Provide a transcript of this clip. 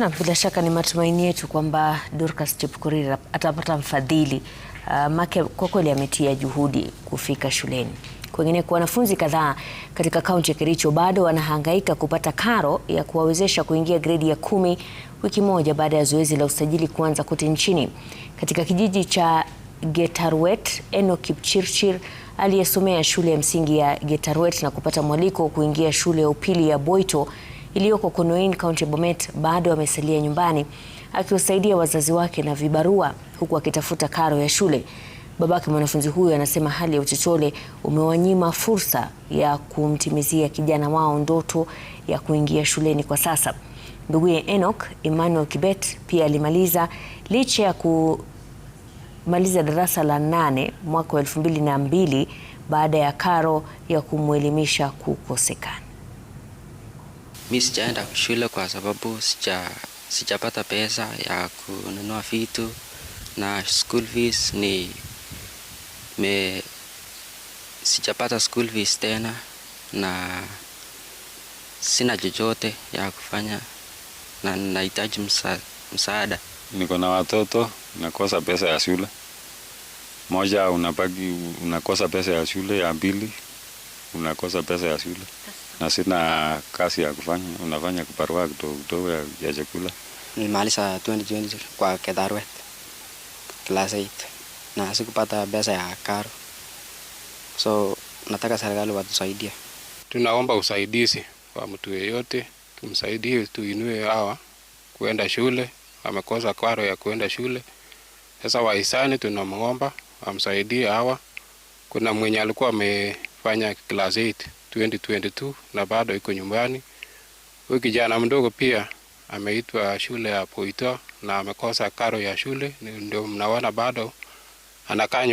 Na bila shaka ni matumaini yetu kwamba Dorcas Chepkorir atapata mfadhili uh, make kwa kweli ametia juhudi kufika shuleni. Kwengine kwa wanafunzi kadhaa katika kaunti ya Kericho bado wanahangaika kupata karo ya kuwawezesha kuingia gredi ya kumi wiki moja baada ya zoezi la usajili kuanza kote nchini. Katika kijiji cha Getarwet, Eno Kipchirchir aliyesomea shule ya msingi ya Getarwet na kupata mwaliko kuingia shule ya upili ya Boito iliyoko Konoin, County Bomet, bado amesalia nyumbani akiwasaidia wazazi wake na vibarua huku akitafuta karo ya shule. Babake mwanafunzi huyo anasema hali ya uchochole umewanyima fursa ya kumtimizia kijana wao ndoto ya kuingia shuleni kwa sasa. Nduguye Enoch Emmanuel Kibet pia alimaliza licha ya kumaliza darasa la nane mwaka wa elfu mbili na mbili baada ya karo ya kumwelimisha kukosekana. Mi sijaenda shule kwa sababu sija sijapata pesa ya kununua vitu na school fees ni me, sijapata school fees tena na sina chochote ya kufanya na nahitaji msaada. Niko na watoto nakosa pesa ya shule moja, unapaki unakosa pesa ya shule, ya mbili unakosa pesa ya shule na sina kazi ya kufanya, unafanya kibarua kidogo kidogo ya chakula. Nilimaliza 2020 kwa Kedarwet class 8 na sikupata pesa ya karo, so nataka serikali watusaidie. Tunaomba usaidizi kwa mtu yeyote, tumsaidie, tuinue hawa kuenda shule, amekosa karo ya kuenda shule. Sasa wahisani tunamwomba amsaidie hawa. Kuna mwenye alikuwa amefanya class 8 2022 na bado iko nyumbani. Huyu kijana mdogo pia ameitwa shule ya Poito na amekosa karo ya shule, ndio mnaona bado anakaa